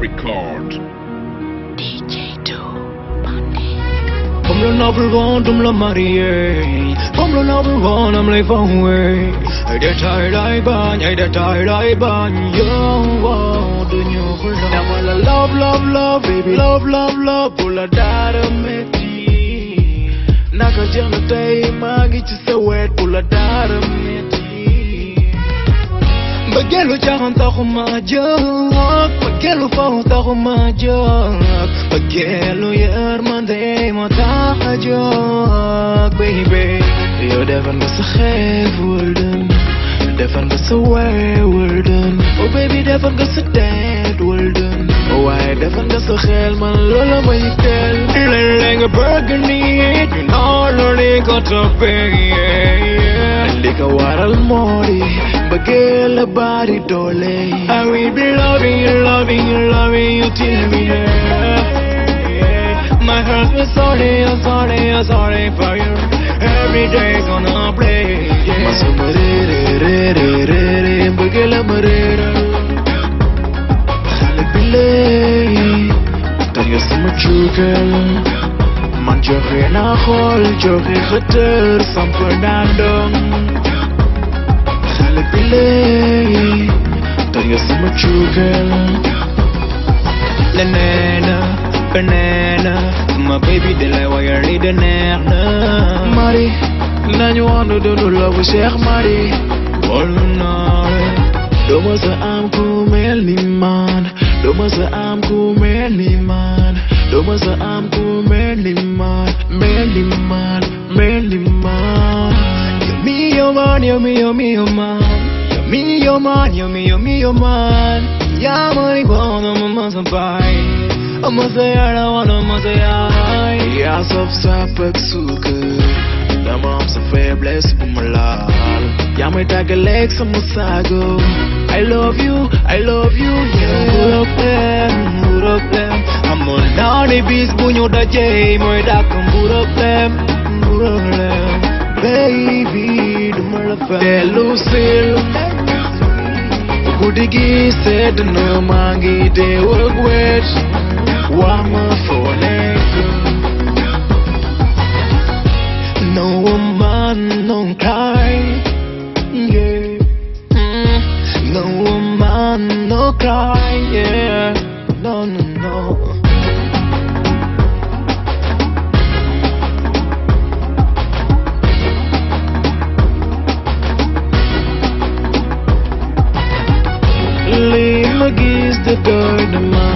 record. Homlo number one, number one, I'm away. I I you love, love, love, baby, love, love, love, pull a data meti. Naka jana tay magi chisa wet, pull a data meti. وقالوا جاهم ضغم ما جاك وقالوا فو ضغم ما جاك وقالوا يا ارمان دي إيه ما تحجاك بيبي يو دفن بس خاف وردن دفن بس واي وردن وبيبي دفن قص الداد وردن واي دفن قص الخيل من لولا ما يكتل لين لين برجني you know already Take a water mori, bagel bari dole. I will be loving you, loving you, loving you till we yeah. My heart is sorry, I'm oh, sorry, I'm oh, sorry for you. Every day gonna play. Yeah. Masumare re re re re re, bagel mare re. Hal bile, tanya sumchukel. man joxe naa xool joxe xëtër samp naa ndong xale bi léegi doy nga sama cuugal leneen beneen ma baby de lay wayal li de neex na mari nañu wanu dundu la bu Cheikh mari wolu naa doo ma sa am ku mel ni man doo ma sa am ku mel ni man Đôi mắt giờ am của Manly Man Manly Man Manly Man You're me, you're man, you're me, you're me, you're man You're me, you're man, you're me, you're me, you're man Yeah, money, bon, I'm a muscle bite I'm a say, I don't want to say, I Yeah, soft, soft, but sugar The mom's a fabulous umalal Yami taga leg samusago I love you, I love you, yeah Gurok pen, Monani bis bunyo da jay Moy da kum burok tem Baby Gudigi said no mangi de Wama No man no cry Yeah mm. No man no cry Yeah Suddenly my gears, the dynamite